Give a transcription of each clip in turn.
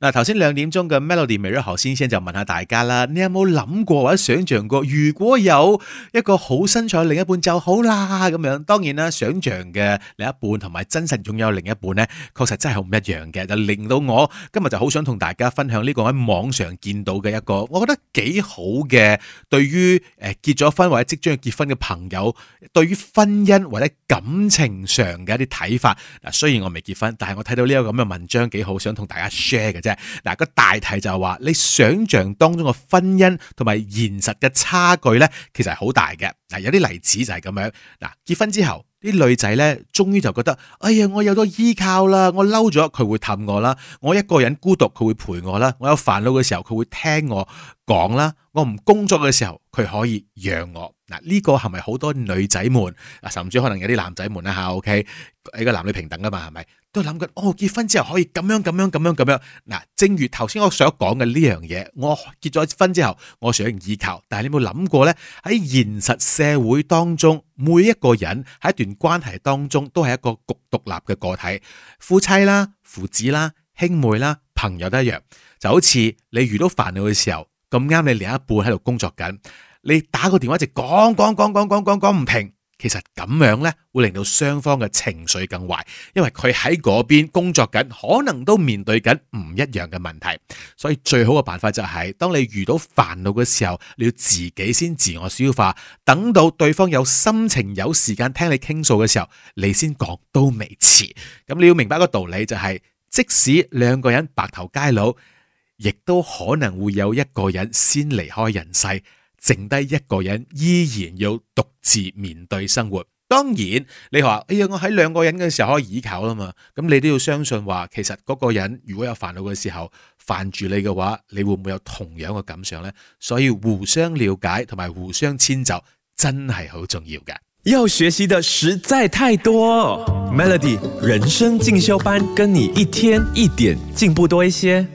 嗱，頭先兩點鐘嘅 Melody Mirror 何先生就問下大家啦，你有冇諗過或者想象過，如果有一個好身材另一半就好啦咁樣。當然啦，想象嘅另一半同埋真實擁有另一半呢，確實真係好唔一樣嘅，就令到我今日就好想同大家分享呢個喺網上見到嘅一個，我覺得幾好嘅，對於誒結咗婚或者即將要結婚嘅朋友，對於婚姻或者感情上嘅一啲睇法。嗱，雖然我未結婚，但係我睇到呢個咁嘅文章幾好，想同大家 share。嘅啫，嗱，個大題就係話，你想象當中嘅婚姻同埋現實嘅差距咧，其實係好大嘅。嗱，有啲例子就係咁樣。嗱，結婚之後，啲女仔咧，終於就覺得，哎呀，我有咗依靠啦，我嬲咗佢會氹我啦，我一個人孤獨佢會陪我啦，我有煩惱嘅時候佢會聽我講啦，我唔工作嘅時候佢可以養我。嗱，呢個係咪好多女仔們？嗱，甚至可能有啲男仔們啊吓，OK，一個男女平等噶嘛，係咪？都諗緊哦，結婚之後可以咁樣咁樣咁樣咁樣。嗱，正如頭先我想講嘅呢樣嘢，我結咗婚之後，我想以求。但係你有冇諗過呢？喺現實社會當中，每一個人喺一段關係當中，都係一個局獨立嘅個體。夫妻啦、父子啦、兄妹啦、朋友都一樣。就好似你遇到煩惱嘅時候，咁啱你另一半喺度工作緊，你打個電話就講講講講講講講唔停。其實咁樣咧，會令到雙方嘅情緒更壞，因為佢喺嗰邊工作緊，可能都面對緊唔一樣嘅問題。所以最好嘅辦法就係，當你遇到煩惱嘅時候，你要自己先自我消化，等到對方有心情、有時間聽你傾訴嘅時候，你先講都未遲。咁你要明白一個道理就係，即使兩個人白頭偕老，亦都可能會有一個人先離開人世。剩低一個人依然要獨自面對生活，當然你話：哎呀，我喺兩個人嘅時候可以依靠吖嘛，咁你都要相信話，其實嗰個人如果有煩惱嘅時候煩住你嘅話，你會唔會有同樣嘅感想呢？所以互相了解同埋互相遷就真係好重要㗎。要學習的實在太多，oh，Melody 人生進修班，跟你一天一點進步多一些。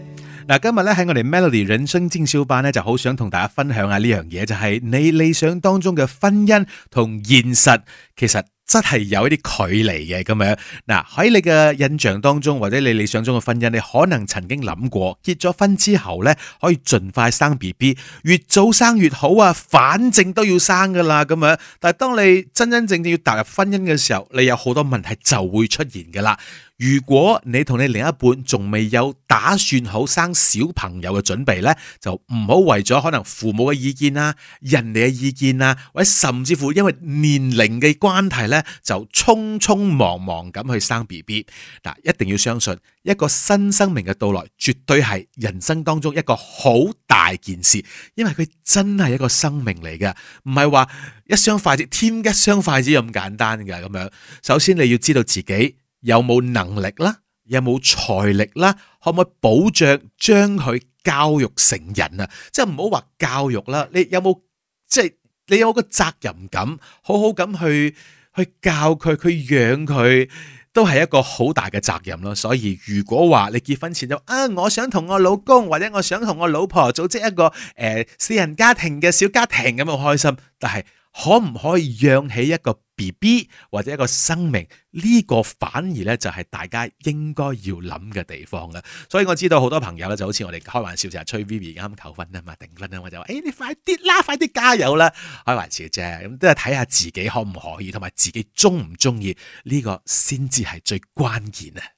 嗱，今日咧喺我哋 Melody 人生進修班咧，就好想同大家分享下呢樣嘢，就係你理想當中嘅婚姻同現實，其實真係有一啲距離嘅咁樣。嗱，喺你嘅印象當中，或者你理想中嘅婚姻，你可能曾經諗過結咗婚之後呢，可以盡快生 BB，越早生越好啊，反正都要生噶啦咁樣。但係當你真真正正要踏入婚姻嘅時候，你有好多問題就會出現噶啦。如果你同你另一半仲未有打算好生小朋友嘅準備呢，就唔好為咗可能父母嘅意見啊、人哋嘅意見啊，或者甚至乎因為年齡嘅關係呢，就匆匆忙忙咁去生 BB。嗱，一定要相信一個新生命嘅到來，絕對係人生當中一個好大件事，因為佢真係一個生命嚟嘅，唔係話一雙筷子添一雙筷子咁簡單嘅咁樣。首先你要知道自己。有冇能力啦？有冇財力啦？可唔可以保障將佢教育成人啊？即係唔好話教育啦，你有冇即係你有個責任感，好好咁去去教佢，佢養佢都係一個好大嘅責任咯。所以如果話你結婚前就啊，我想同我老公或者我想同我老婆組織一個誒私人家庭嘅小家庭咁樣開心，但係可唔可以養起一個 B B 或者一個生命呢、呢個反而呢就係大家應該要諗嘅地方啦，所以我知道好多朋友呢，就好似我哋開玩笑就係吹 V B 啱，求婚啊嘛，訂婚啊，我就話誒、hey, 你快啲啦，快啲加油啦，開玩笑啫，咁都係睇下自己可唔可以，同埋自己中唔中意呢個先至係最關鍵啊。